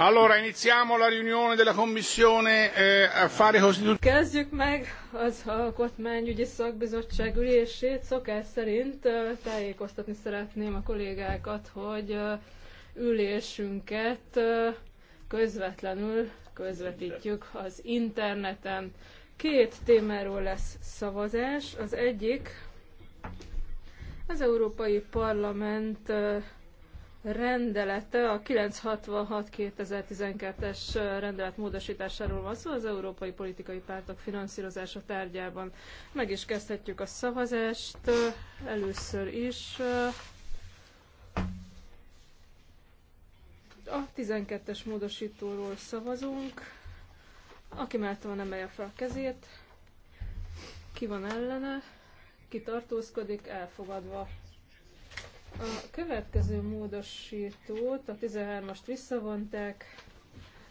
Allora iniziamo la riunione della Commissione eh, Affari Costituzionali. Kezdjük meg az Alkotmányügyi Szakbizottság ülését. Szokás szerint tájékoztatni szeretném a kollégákat, hogy ülésünket közvetlenül közvetítjük az interneten. Két témáról lesz szavazás. Az egyik az Európai Parlament rendelete, a 966-2012-es rendelet módosításáról van szó az európai politikai pártok finanszírozása tárgyában. Meg is kezdhetjük a szavazást. Először is eh, a 12-es módosítóról szavazunk. Aki mellette van, emelje fel a kezét. Ki van ellene? Ki tartózkodik? Elfogadva. A következő módosítót, a 13-ast visszavonták,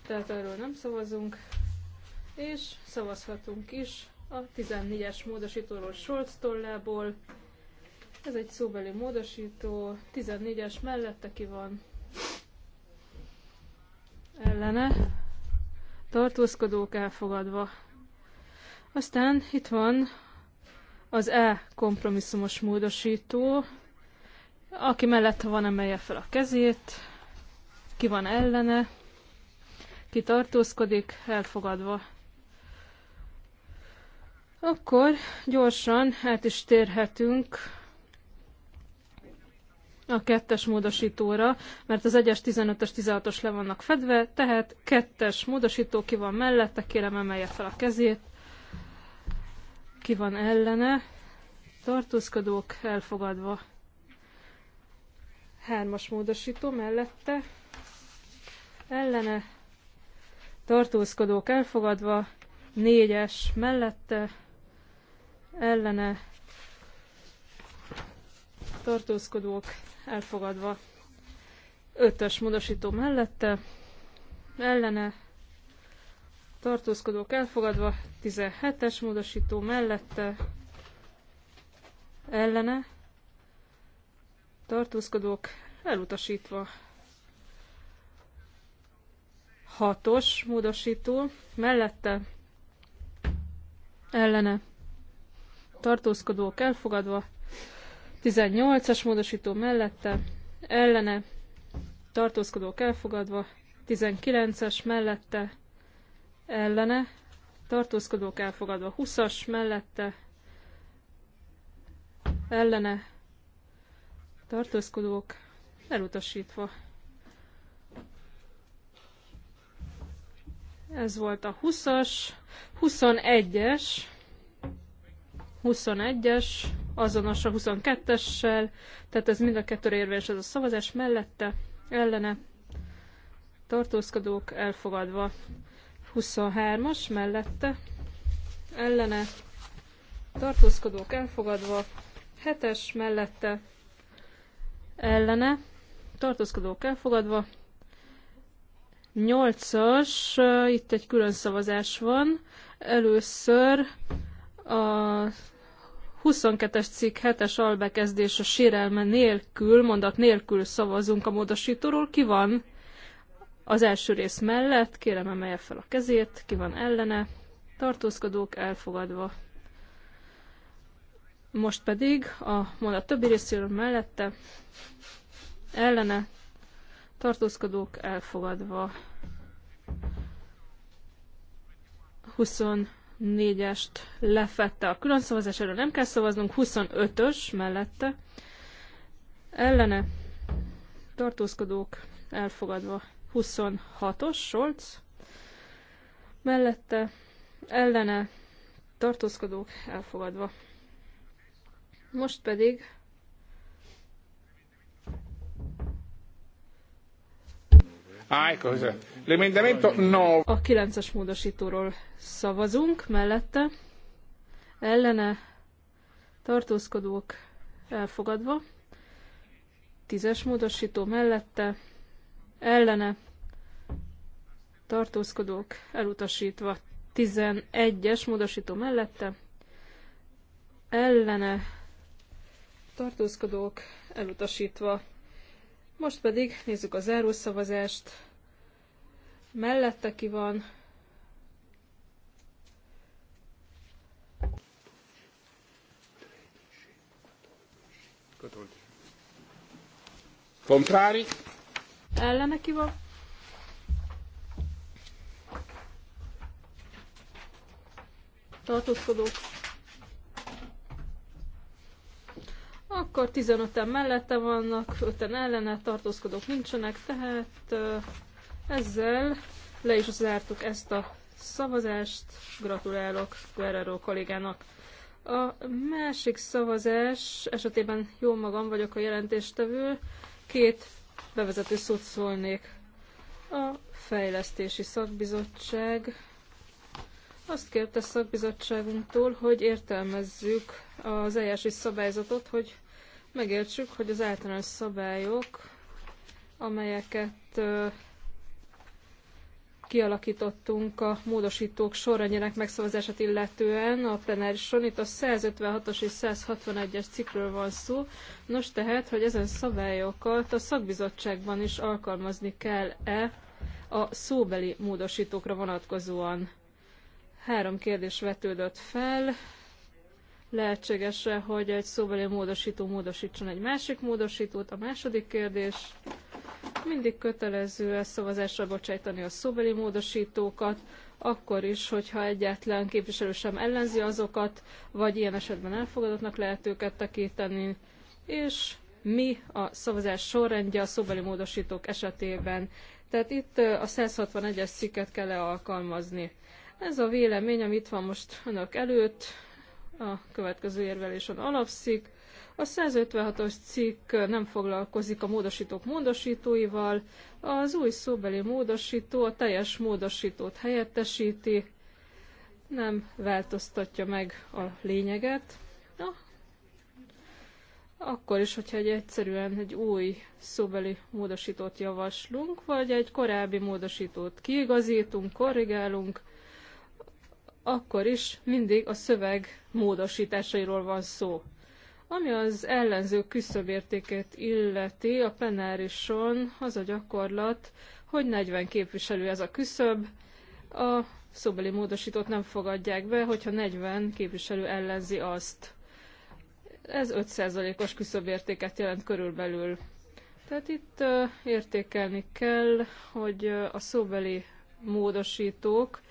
tehát arról nem szavazunk, és szavazhatunk is a 14-es módosítóról Scholz tollából. Ez egy szóbeli módosító, 14-es mellette ki van ellene, tartózkodók elfogadva. Aztán itt van az E kompromisszumos módosító, aki mellette van, emelje fel a kezét. Ki van ellene? Ki tartózkodik? Elfogadva. Akkor gyorsan hát is térhetünk a kettes módosítóra, mert az 1-es, 15-ös, 16-os le vannak fedve, tehát kettes módosító ki van mellette, kérem emelje fel a kezét, ki van ellene, tartózkodók elfogadva. Hármas módosító mellette ellene tartózkodók elfogadva, négyes mellette ellene tartózkodók elfogadva, ötös módosító mellette ellene tartózkodók elfogadva, 17-es módosító mellette ellene tartózkodók elutasítva. Hatos módosító mellette ellene tartózkodók elfogadva. 18-as módosító mellette ellene tartózkodók elfogadva. 19-es mellette ellene tartózkodók elfogadva. 20-as mellette ellene tartózkodók elutasítva. Ez volt a 20-as, 21-es, 21-es, azonos a 22-essel, tehát ez mind a kettő érvényes ez a szavazás mellette, ellene, tartózkodók elfogadva. 23-as mellette, ellene, tartózkodók elfogadva, 7-es mellette, ellene, tartózkodók elfogadva. 8-as, itt egy külön szavazás van. Először a 22-es cikk 7-es albekezdés a sérelme nélkül, mondat nélkül szavazunk a módosítóról. Ki van az első rész mellett? Kérem emelje fel a kezét. Ki van ellene? Tartózkodók elfogadva. Most pedig a mondat többi részéről mellette ellene tartózkodók elfogadva 24-est lefette a külön szavazás, erről nem kell szavaznunk, 25-ös mellette ellene tartózkodók elfogadva 26-os Scholz mellette ellene tartózkodók elfogadva most pedig ah, A 9-es módosítóról szavazunk, mellette ellene tartózkodók elfogadva, 10-es módosító mellette ellene tartózkodók elutasítva, 11-es módosító mellette ellene tartózkodók elutasítva. Most pedig nézzük a zárószavazást. Mellette ki van. Kontrári. Ellene ki van. Tartózkodók akkor 15-en mellette vannak, 5-en ellene, tartózkodók nincsenek, tehát ezzel le is zártuk ezt a szavazást. Gratulálok Guerrero kollégának. A másik szavazás esetében jó magam vagyok a jelentéstevő, két bevezető szót szólnék. A Fejlesztési Szakbizottság azt kérte szakbizottságunktól, hogy értelmezzük az eljárási szabályzatot, hogy megértsük, hogy az általános szabályok, amelyeket kialakítottunk a módosítók sorrendjének megszavazását illetően a plenárison. Itt a 156-os és 161-es cikről van szó. Nos tehát, hogy ezen szabályokat a szakbizottságban is alkalmazni kell-e a szóbeli módosítókra vonatkozóan. Három kérdés vetődött fel lehetséges-e, hogy egy szóbeli módosító módosítson egy másik módosítót? A második kérdés, mindig kötelező -e szavazásra bocsájtani a szóbeli módosítókat, akkor is, hogyha egyetlen képviselő sem ellenzi azokat, vagy ilyen esetben elfogadottnak lehet őket tekíteni, és mi a szavazás sorrendje a szóbeli módosítók esetében. Tehát itt a 161-es cikket kell -e alkalmazni. Ez a vélemény, ami itt van most önök előtt, a következő érvelésen alapszik. A 156-os cikk nem foglalkozik a módosítók módosítóival, az új szóbeli módosító a teljes módosítót helyettesíti, nem változtatja meg a lényeget. Na, akkor is, hogyha egy egyszerűen egy új szóbeli módosítót javaslunk, vagy egy korábbi módosítót kiigazítunk, korrigálunk, akkor is mindig a szöveg módosításairól van szó. Ami az ellenző küszöbértékét illeti, a plenárison az a gyakorlat, hogy 40 képviselő ez a küszöb, a szóbeli módosítót nem fogadják be, hogyha 40 képviselő ellenzi azt. Ez 5%-os küszöbértéket jelent körülbelül. Tehát itt értékelni kell, hogy a szóbeli módosítók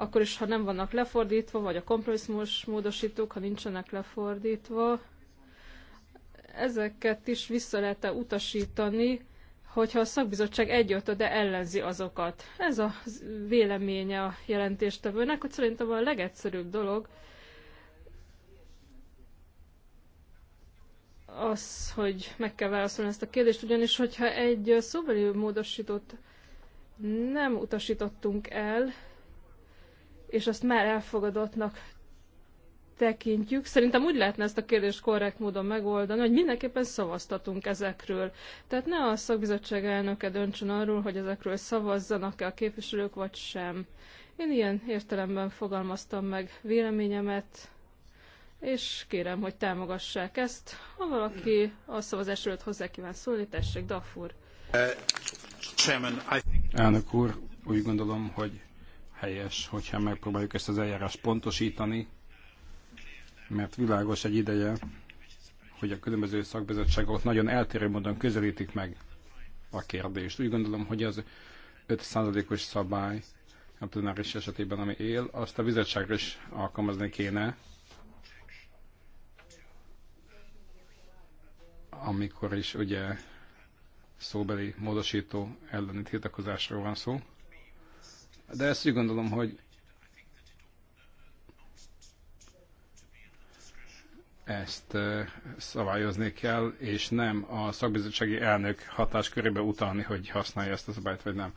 akkor is, ha nem vannak lefordítva, vagy a kompromisszumos módosítók, ha nincsenek lefordítva, ezeket is vissza lehet -e utasítani, hogyha a szakbizottság egyötöde ellenzi azokat. Ez a véleménye a jelentéstevőnek, hogy szerintem a legegyszerűbb dolog az, hogy meg kell válaszolni ezt a kérdést, ugyanis hogyha egy szóbeli módosítót nem utasítottunk el, és azt már elfogadottnak tekintjük. Szerintem úgy lehetne ezt a kérdést korrekt módon megoldani, hogy mindenképpen szavaztatunk ezekről. Tehát ne a szakbizottság elnöke döntsön arról, hogy ezekről szavazzanak-e a képviselők, vagy sem. Én ilyen értelemben fogalmaztam meg véleményemet, és kérem, hogy támogassák ezt. Ha valaki a szavazás előtt hozzá kíván szólni, tessék, Dafur. Uh, Elnök úr, úgy gondolom, hogy helyes, hogyha megpróbáljuk ezt az eljárást pontosítani, mert világos egy ideje, hogy a különböző szakbizottságok nagyon eltérő módon közelítik meg a kérdést. Úgy gondolom, hogy az 5%-os szabály a plenáris esetében, ami él, azt a bizottságra is alkalmazni kéne, amikor is ugye szóbeli módosító elleni tiltakozásról van szó. De ezt úgy gondolom, hogy ezt szabályozni kell, és nem a szakbizottsági elnök hatáskörébe utalni, hogy használja ezt a szabályt, vagy nem.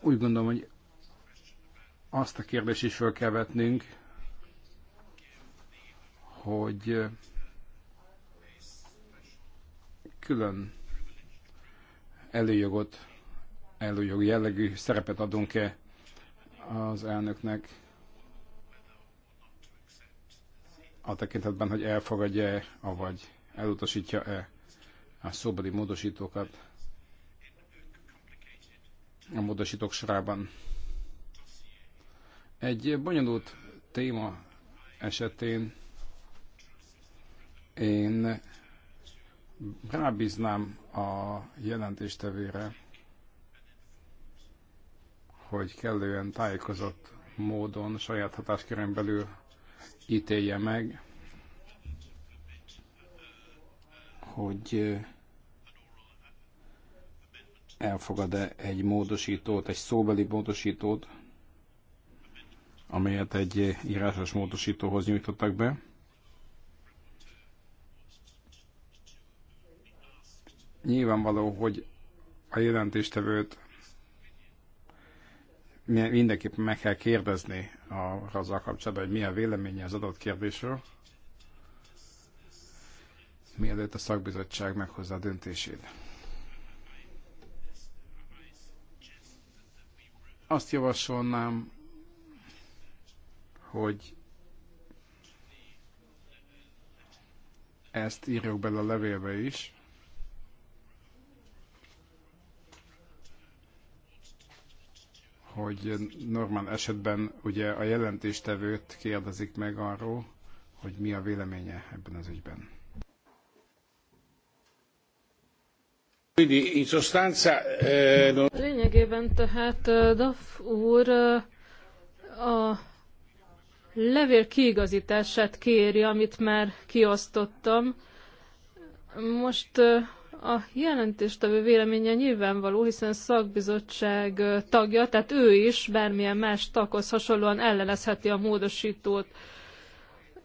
Úgy gondolom, hogy azt a kérdést is fel kell vetnünk, hogy külön előjogot előjogi jellegű szerepet adunk-e az elnöknek a tekintetben, hogy elfogadja-e, vagy elutasítja-e a szóbeli módosítókat a módosítók sorában. Egy bonyolult téma esetén én rábíznám a jelentéstevőre, hogy kellően tájékozott módon saját hatáskörön belül ítélje meg, hogy elfogad-e egy módosítót, egy szóbeli módosítót, amelyet egy írásos módosítóhoz nyújtottak be. Nyilvánvaló, hogy a jelentéstevőt mindenképpen meg kell kérdezni a, azzal kapcsolatban, hogy mi a véleménye az adott kérdésről, mielőtt a szakbizottság meghozza a döntését. Azt javasolnám, hogy ezt írjuk bele a levélbe is, hogy normál esetben ugye a jelentéstevőt kérdezik meg arról, hogy mi a véleménye ebben az ügyben. Eh, Lényegében tehát eh, Daf úr eh, a levél kiigazítását kéri, amit már kiosztottam. Most a jelentéstevő véleménye nyilvánvaló, hiszen szakbizottság tagja, tehát ő is bármilyen más taghoz hasonlóan ellenezheti a módosítót.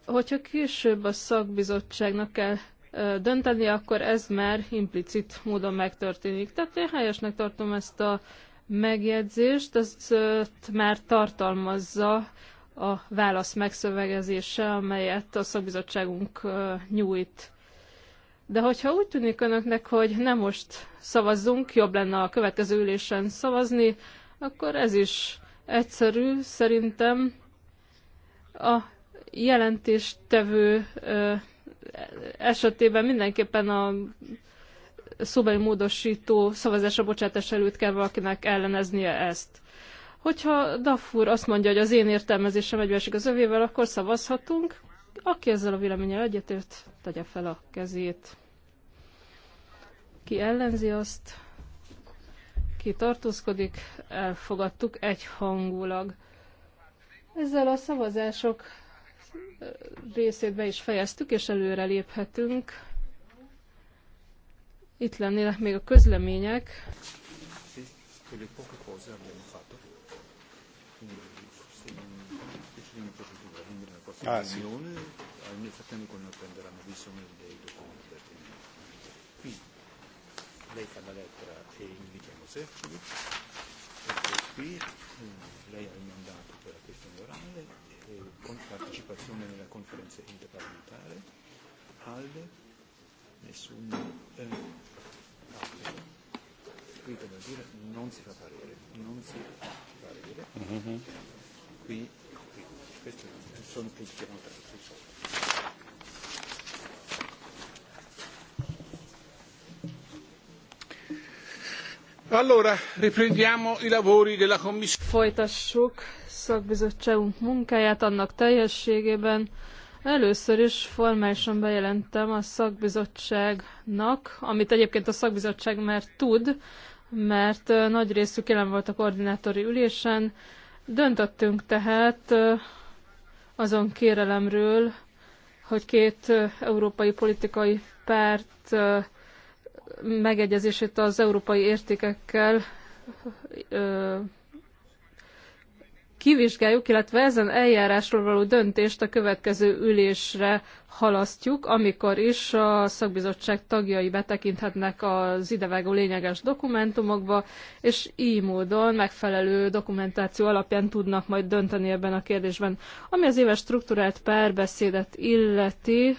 Hogyha később a szakbizottságnak kell dönteni, akkor ez már implicit módon megtörténik. Tehát én helyesnek tartom ezt a megjegyzést, ezt már tartalmazza a válasz megszövegezése, amelyet a szakbizottságunk nyújt. De hogyha úgy tűnik önöknek, hogy nem most szavazzunk, jobb lenne a következő ülésen szavazni, akkor ez is egyszerű szerintem. A jelentéstevő esetében mindenképpen a szóbeli módosító szavazásra bocsátás előtt kell valakinek elleneznie ezt. Hogyha Daffur azt mondja, hogy az én értelmezésem egybeesik az övével, akkor szavazhatunk, aki ezzel a véleményel egyetért, tegye fel a kezét. Ki ellenzi azt, ki tartózkodik, elfogadtuk egyhangulag. Ezzel a szavazások részét be is fejeztük, és előre léphetünk. Itt lennének még a közlemények. Ah, sì. Nel frattempo quando prenderanno visione dei documenti pertinenti. Quindi lei fa la lettera e invitiamo Sefcovic, perché qui mm, lei ha il mandato per la questione orale e con partecipazione nella conferenza interparlamentare, ALDE, nessun eh, altro. Qui devo dire non si fa parere, non si fa parere. Mm-hmm. Qui, qui, questo è sono più Allora, riprendiamo i lavori della commissione. Folytassuk szakbizottságunk munkáját annak teljességében. Először is formálisan bejelentem a szakbizottságnak, amit egyébként a szakbizottság már tud, mert nagy részük jelen volt a koordinátori ülésen. Döntöttünk tehát azon kérelemről, hogy két európai politikai párt megegyezését az európai értékekkel kivizsgáljuk, illetve ezen eljárásról való döntést a következő ülésre halasztjuk, amikor is a szakbizottság tagjai betekinthetnek az idevágó lényeges dokumentumokba, és így módon megfelelő dokumentáció alapján tudnak majd dönteni ebben a kérdésben. Ami az éves struktúrált párbeszédet illeti,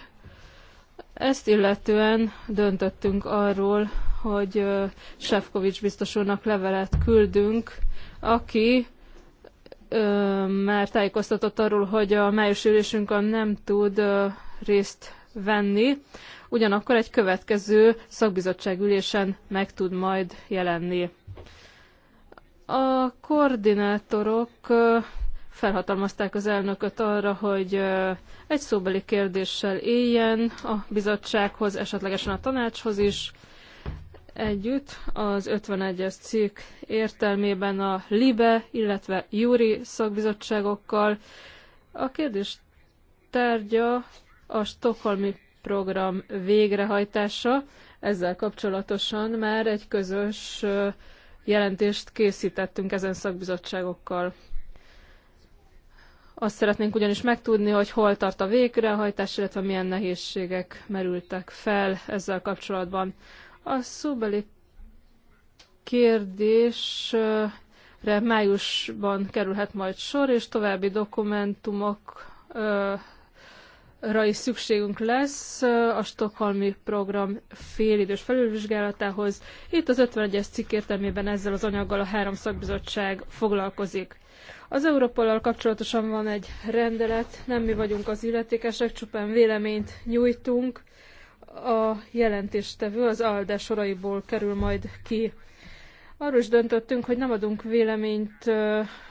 ezt illetően döntöttünk arról, hogy Sefkovics biztos úrnak levelet küldünk, aki ö, már tájékoztatott arról, hogy a május ülésünkön nem tud ö, részt venni, ugyanakkor egy következő szakbizottság ülésen meg tud majd jelenni. A koordinátorok ö, felhatalmazták az elnököt arra, hogy egy szóbeli kérdéssel éljen a bizottsághoz, esetlegesen a tanácshoz is, együtt az 51-es cikk értelmében a LIBE, illetve Júri szakbizottságokkal. A kérdés tárgya a Stockholmi program végrehajtása. Ezzel kapcsolatosan már egy közös jelentést készítettünk ezen szakbizottságokkal. Azt szeretnénk ugyanis megtudni, hogy hol tart a végrehajtás, illetve milyen nehézségek merültek fel ezzel kapcsolatban. A szóbeli kérdésre májusban kerülhet majd sor, és további dokumentumokra is szükségünk lesz a Stockholmi program félidős felülvizsgálatához. Itt az 51-es cikk értelmében ezzel az anyaggal a három szakbizottság foglalkozik. Az Európollal kapcsolatosan van egy rendelet, nem mi vagyunk az illetékesek, csupán véleményt nyújtunk a jelentéstevő az ALDE soraiból kerül majd ki. Arról is döntöttünk, hogy nem adunk véleményt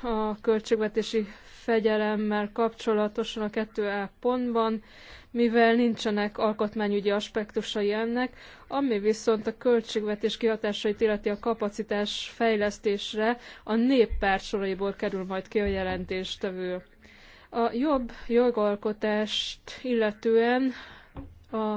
a költségvetési fegyelemmel kapcsolatosan a 2A pontban, mivel nincsenek alkotmányügyi aspektusai ennek, ami viszont a költségvetés kihatásait illeti a kapacitás fejlesztésre a néppárt soraiból kerül majd ki a jelentéstevő. A jobb jogalkotást illetően a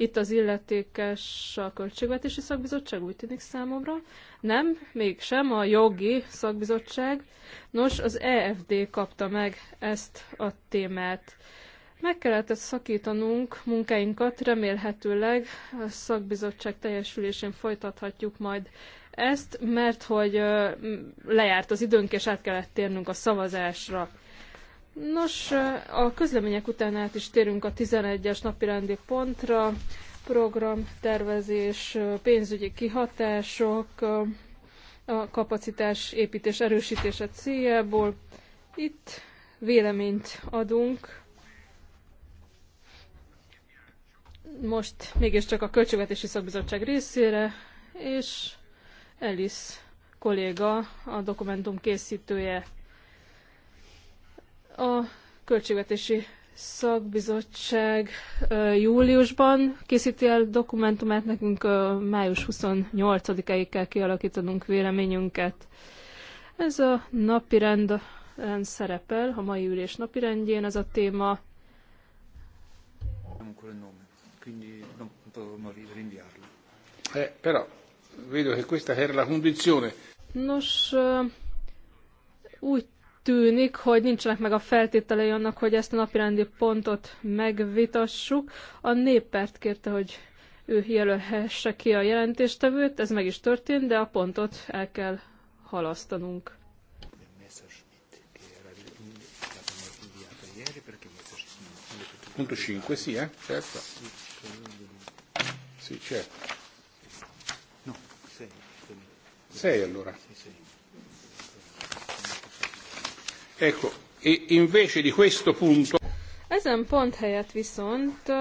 itt az illetékes a Költségvetési Szakbizottság, úgy tűnik számomra. Nem, mégsem, a Jogi Szakbizottság. Nos, az EFD kapta meg ezt a témát. Meg kellett szakítanunk munkáinkat, remélhetőleg a szakbizottság teljesülésén folytathatjuk majd ezt, mert hogy lejárt az időnk, és át kellett térnünk a szavazásra. Nos, a közlemények után át is térünk a 11-es napirendi pontra. Programtervezés, pénzügyi kihatások, a kapacitás építés erősítése céljából. Itt véleményt adunk. Most mégiscsak a Költségvetési Szakbizottság részére, és Elis kolléga, a dokumentum készítője a Költségvetési Szakbizottság júliusban készíti el dokumentumát, nekünk május 28 ig kell kialakítanunk véleményünket. Ez a napi rend szerepel, a mai ülés rendjén ez a téma. Eh, Nos, úgy tűnik, hogy nincsenek meg a feltételei annak, hogy ezt a napirendi pontot megvitassuk. A néppárt kérte, hogy ő jelölhesse ki a jelentéstevőt, ez meg is történt, de a pontot el kell halasztanunk. Punto 5, sì, eh? Certo. Sì, certo. No, 6. 6 allora. Sì, sì. Ecco, e invece di questo punto... Ezen pont helyett viszont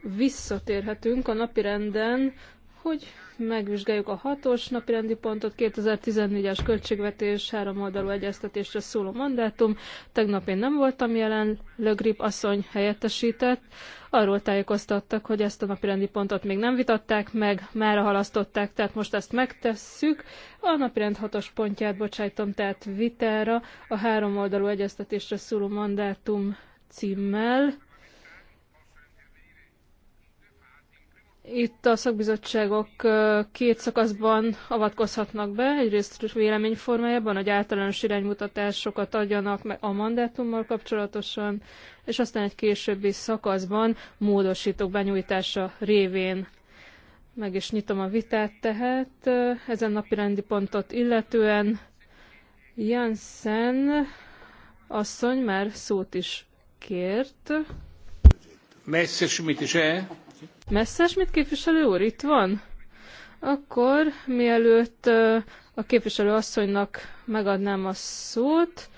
visszatérhetünk a napirenden hogy megvizsgáljuk a hatos napirendi pontot, 2014-es költségvetés, három oldalú egyeztetésre szóló mandátum. Tegnap én nem voltam jelen, Lögrip asszony helyettesített. Arról tájékoztattak, hogy ezt a napirendi pontot még nem vitatták meg, már halasztották, tehát most ezt megtesszük. A napirend hatos pontját bocsájtom tehát vitára a három oldalú egyeztetésre szóló mandátum címmel Itt a szakbizottságok két szakaszban avatkozhatnak be, egyrészt véleményformájában, hogy általános iránymutatásokat adjanak a mandátummal kapcsolatosan, és aztán egy későbbi szakaszban módosítók benyújtása révén. Meg is nyitom a vitát tehát ezen napi rendi pontot illetően. Jansen asszony már szót is kért. Messerschmitt is -e? Messzes, mit képviselő úr itt van? Akkor mielőtt a képviselő asszonynak megadnám a szót,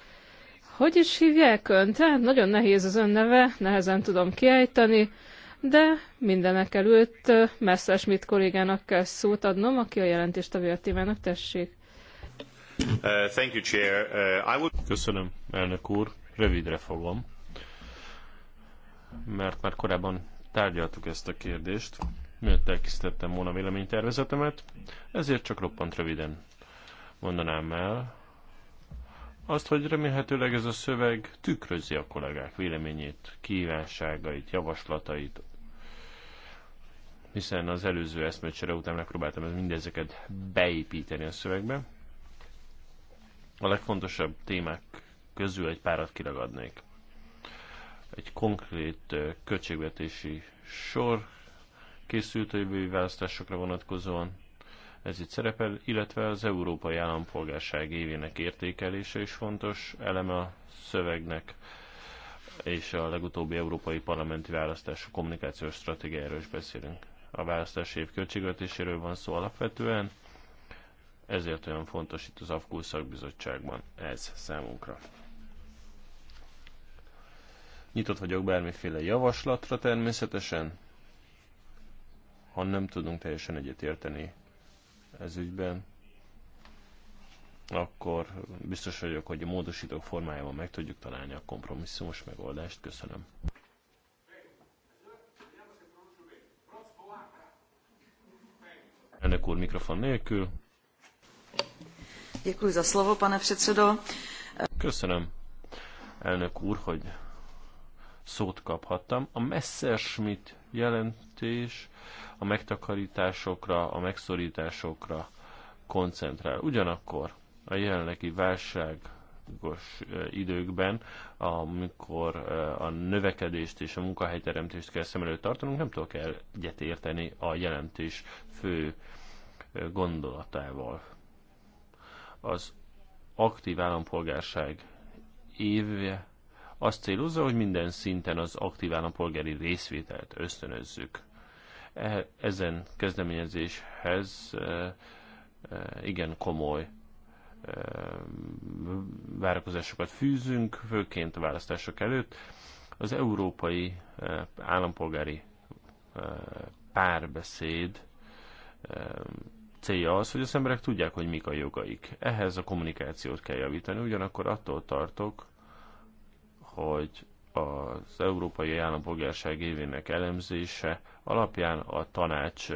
hogy is hívják önt? Hát nagyon nehéz az ön neve, nehezen tudom kiejteni, de mindenek előtt Messerschmidt kollégának kell szót adnom, aki a jelentést a vértémának tessék. Uh, thank you, Chair. Uh, I would... Köszönöm, elnök úr. Rövidre fogom, mert már korábban Tárgyaltuk ezt a kérdést, miért elkészítettem volna véleménytervezetemet, ezért csak roppant röviden mondanám el azt, hogy remélhetőleg ez a szöveg tükrözi a kollégák véleményét, kívánságait, javaslatait, hiszen az előző eszmecsere után megpróbáltam mindezeket beépíteni a szövegbe. A legfontosabb témák közül egy párat kiragadnék egy konkrét költségvetési sor készült a jövői választásokra vonatkozóan, ez itt szerepel, illetve az európai állampolgárság évének értékelése is fontos eleme a szövegnek, és a legutóbbi európai parlamenti választás kommunikációs stratégiáról is beszélünk. A választás év költségvetéséről van szó alapvetően, ezért olyan fontos itt az AFKUL szakbizottságban ez számunkra. Nyitott vagyok bármiféle javaslatra természetesen, ha nem tudunk teljesen egyetérteni ez ügyben, akkor biztos vagyok, hogy a módosítók formájában meg tudjuk találni a kompromisszumos megoldást. Köszönöm. Ennek úr mikrofon nélkül. Děkuji za slovo, pane předsedo. Köszönöm, elnök úr, hogy szót kaphattam. A Messerschmitt jelentés a megtakarításokra, a megszorításokra koncentrál. Ugyanakkor a jelenlegi válság időkben, amikor a növekedést és a munkahelyteremtést kell szem előtt tartanunk, nem tudok el egyet érteni a jelentés fő gondolatával. Az aktív állampolgárság évje azt célozza, hogy minden szinten az aktív állampolgári részvételt ösztönözzük. E, ezen kezdeményezéshez e, e, igen komoly várakozásokat fűzünk, főként a választások előtt. Az európai állampolgári párbeszéd célja az, hogy az emberek tudják, hogy mik a jogaik. Ehhez a kommunikációt kell javítani, ugyanakkor attól tartok, hogy az Európai Állampolgárság évének elemzése alapján a tanács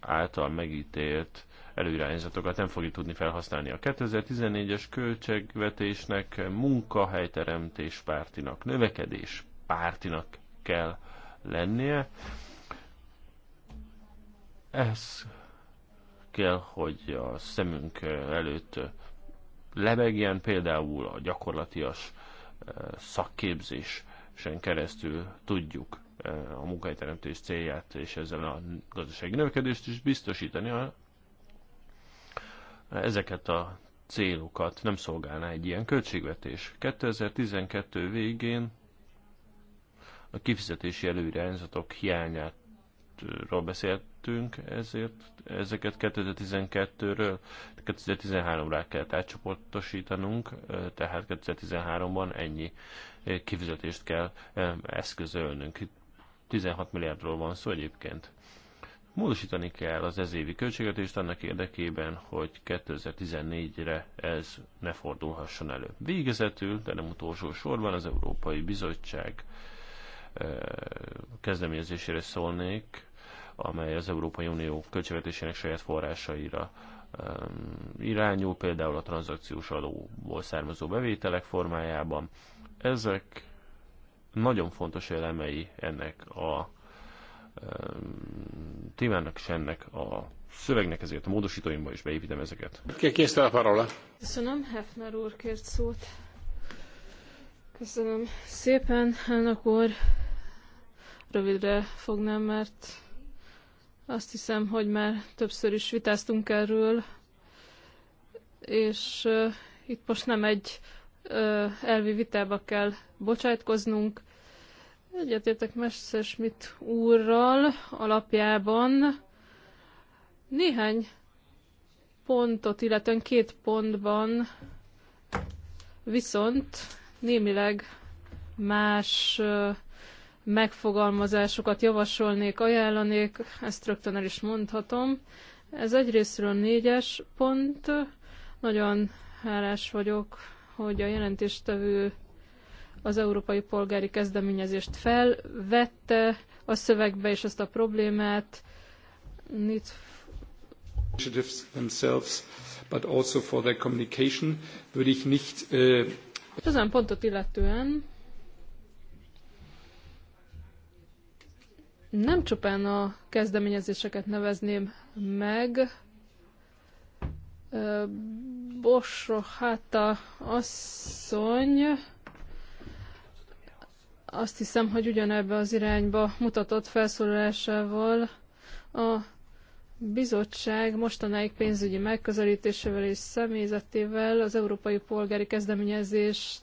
által megítélt előirányzatokat nem fogja tudni felhasználni. A 2014-es költségvetésnek munkahelyteremtés pártinak, növekedés pártinak kell lennie. Ez kell, hogy a szemünk előtt lebegjen, például a gyakorlatias eh, szakképzésen keresztül tudjuk eh, a munkahelyteremtés célját és ezzel a gazdasági növekedést is biztosítani, a, ezeket a célokat nem szolgálná egy ilyen költségvetés. 2012 végén a kifizetési előirányzatok hiányát ról beszéltünk, ezért ezeket 2012-ről 2013-ra kell átcsoportosítanunk, tehát 2013-ban ennyi kifizetést kell eszközölnünk. 16 milliárdról van szó egyébként. Módosítani kell az ez évi költségvetést annak érdekében, hogy 2014-re ez ne fordulhasson elő. Végezetül, de nem utolsó sorban az Európai Bizottság kezdeményezésére szólnék amely az Európai Unió költségvetésének saját forrásaira irányul, például a tranzakciós adóból származó bevételek formájában. Ezek nagyon fontos elemei ennek a témának és ennek a szövegnek, ezért a módosítóimba is beépítem ezeket. Készte a parola. Köszönöm, Hefner úr kért szót. Köszönöm szépen, elnök úr. Rövidre fognám, mert azt hiszem, hogy már többször is vitáztunk erről, és itt most nem egy elvi vitába kell bocsátkoznunk. Egyetértek Schmidt úrral alapjában néhány pontot, illetően két pontban viszont némileg más megfogalmazásokat javasolnék, ajánlanék, ezt rögtön el is mondhatom. Ez egyrésztről négyes pont. Nagyon hálás vagyok, hogy a jelentéstevő az európai polgári kezdeményezést felvette a szövegbe és ezt a problémát. Nit initiatives themselves, but also for their communication, würde ich nicht... Äh, Ezen pontot illetően nem csupán a kezdeményezéseket nevezném meg, Bosrohata asszony azt hiszem, hogy ugyanebbe az irányba mutatott felszólalásával a bizottság mostanáig pénzügyi megközelítésével és személyzetével az európai polgári kezdeményezést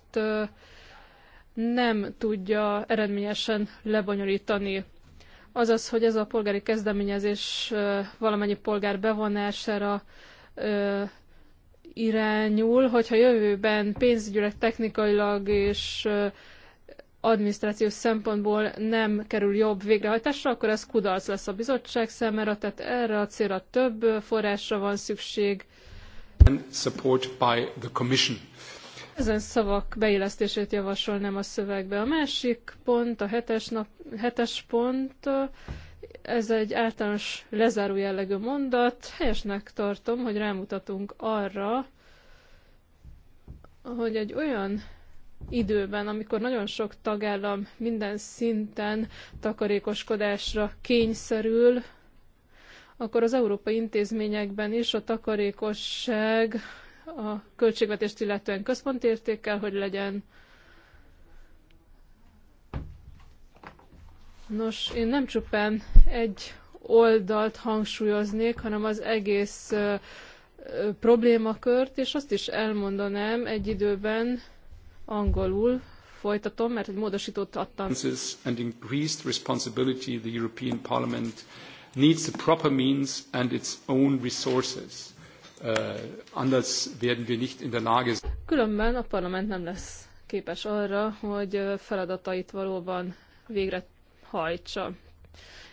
nem tudja eredményesen lebonyolítani azaz, hogy ez a polgári kezdeményezés valamennyi polgár bevonására irányul, hogyha jövőben pénzügyileg, technikailag és adminisztrációs szempontból nem kerül jobb végrehajtásra, akkor ez kudarc lesz a bizottság számára, tehát erre a célra több forrásra van szükség. And support by the commission. Ezen szavak beillesztését javasolnám a szövegbe. A másik pont, a hetes, nap, hetes pont, ez egy általános lezáró jellegű mondat. Helyesnek tartom, hogy rámutatunk arra, hogy egy olyan időben, amikor nagyon sok tagállam minden szinten takarékoskodásra kényszerül, akkor az európai intézményekben is a takarékosság a költségvetést illetően központérték kell, hogy legyen. Nos, én nem csupán egy oldalt hangsúlyoznék, hanem az egész ö, ö, problémakört, és azt is elmondanám egy időben angolul, folytatom, mert egy módosítót adtam. and increased responsibility the European Parliament needs the proper means and its own resources Äh, anders werden wir nicht in der Lage sein. Különben a parlament nem lesz képes arra, hogy feladatait valóban végre hajtsa.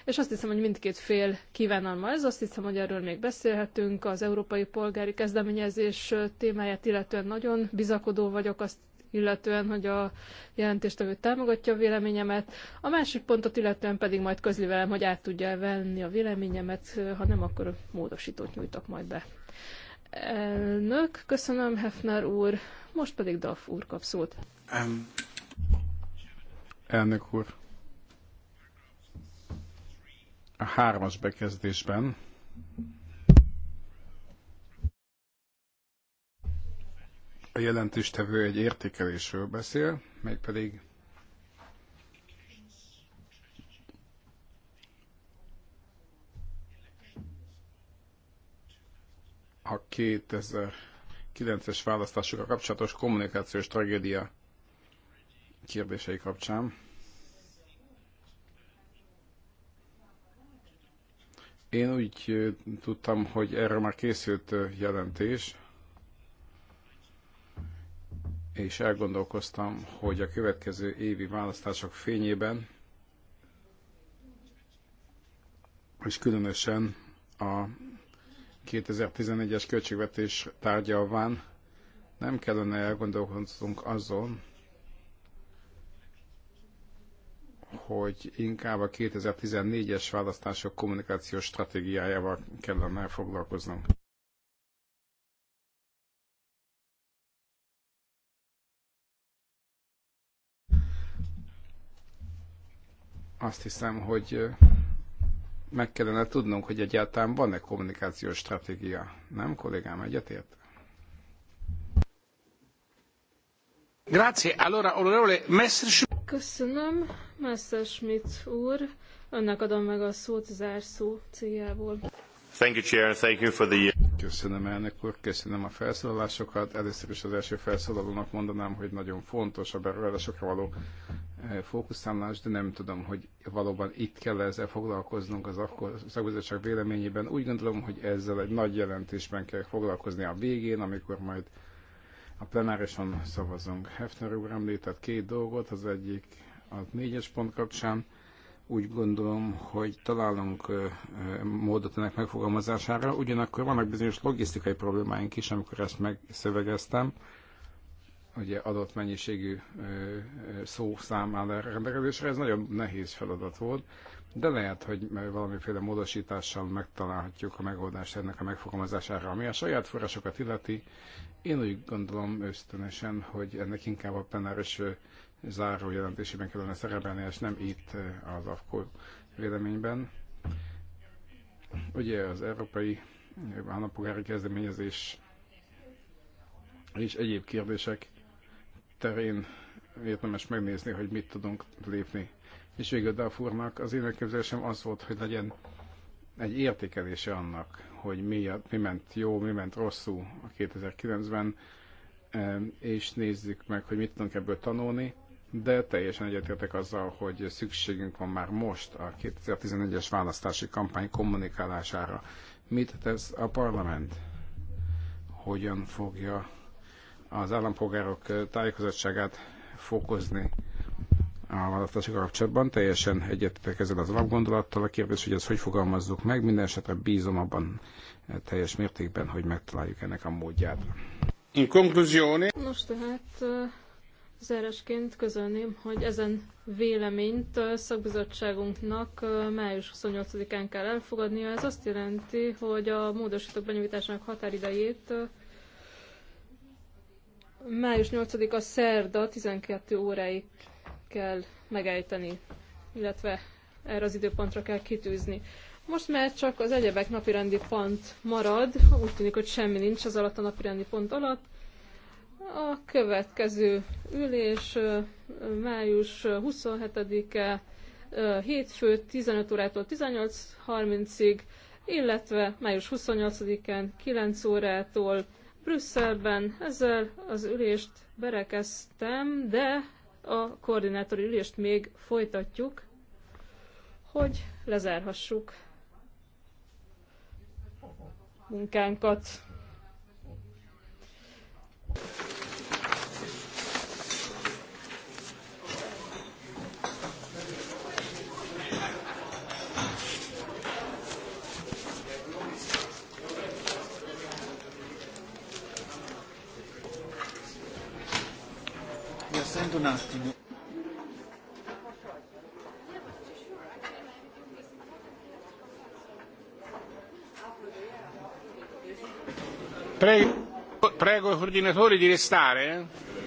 És azt hiszem, hogy mindkét fél kívánalma ez, azt hiszem, hogy erről még beszélhetünk. Az európai polgári kezdeményezés témáját illetően nagyon bizakodó vagyok, azt illetően, hogy a jelentéstevő támogatja a véleményemet. A másik pontot illetően pedig majd közli velem, hogy át tudja venni a véleményemet, ha nem, akkor módosítót nyújtok majd be. Elnök, köszönöm Hefner úr, most pedig Daf úr kap szót. Um. Elnök úr, a hármas bekezdésben a jelentéstevő egy értékelésről beszél, mégpedig 2009-es választásokkal kapcsolatos kommunikációs tragédia kérdései kapcsán. Én úgy tudtam, hogy erről már készült jelentés, és elgondolkoztam, hogy a következő évi választások fényében, és különösen a 2011-es költségvetés tárgyalván nem kellene elgondolkodnunk azon, hogy inkább a 2014-es választások kommunikációs stratégiájával kellene foglalkoznunk. Azt hiszem, hogy meg kellene tudnunk, hogy egyáltalán van-e kommunikációs stratégia. Nem, kollégám, egyetért? Grazie. Allora, onorevole Messerschmidt. Köszönöm, Messerschmidt úr. Önnek adom meg a szót zárszó céljából. Thank you, Chair. Thank you for the... Köszönöm, elnök úr, köszönöm a felszólalásokat. Először is az első felszólalónak mondanám, hogy nagyon fontos a beruházásokra való fókuszálást, de nem tudom, hogy valóban itt kell -e ezzel foglalkoznunk az akkor szakbizottság véleményében. Úgy gondolom, hogy ezzel egy nagy jelentésben kell foglalkozni a végén, amikor majd a plenárison szavazunk. Hefner úr említett két dolgot, az egyik a négyes pont kapcsán. Úgy gondolom, hogy találunk módot ennek megfogalmazására, ugyanakkor vannak bizonyos logisztikai problémáink is, amikor ezt megszövegeztem ugye adott mennyiségű szó számára rendelkezésre, ez nagyon nehéz feladat volt, de lehet, hogy valamiféle módosítással megtalálhatjuk a megoldást ennek a megfogalmazására. Ami a saját forrásokat illeti, én úgy gondolom ösztönösen, hogy ennek inkább a plenáris záró jelentésében kellene szerepelni, és nem itt az AFKO véleményben. Ugye az európai állampolgári kezdeményezés és egyéb kérdések terén érdemes megnézni, hogy mit tudunk lépni. És végül fúrnak. az én elképzelésem az volt, hogy legyen egy értékelése annak, hogy mi, a, mi ment jó, mi ment rosszul a 2009-ben, és nézzük meg, hogy mit tudunk ebből tanulni, de teljesen egyetértek azzal, hogy szükségünk van már most a 2011-es választási kampány kommunikálására. Mit tesz a parlament? Hogyan fogja az állampolgárok tájékozottságát fokozni a választásokkal kapcsolatban. Teljesen egyetetek ezzel az alapgondolattal. A kérdés, hogy ezt hogy fogalmazzuk meg, minden esetre bízom abban teljes mértékben, hogy megtaláljuk ennek a módját. In conclusione... Nos tehát zárásként közölném, hogy ezen véleményt szakbizottságunknak május 28-án kell elfogadnia. Ez azt jelenti, hogy a módosítók benyújtásának határidejét Május 8-a szerda 12 óráig kell megejteni, illetve erre az időpontra kell kitűzni. Most már csak az egyebek napirendi pont marad, úgy tűnik, hogy semmi nincs az alatt a napirendi pont alatt. A következő ülés május 27-e hétfő 15 órától 18.30-ig, illetve május 28-án 9 órától Brüsszelben. Ezzel az ülést berekeztem, de a koordinátori ülést még folytatjuk, hogy lezárhassuk munkánkat. soltanto un attimo. Prego, prego i di restare. Eh?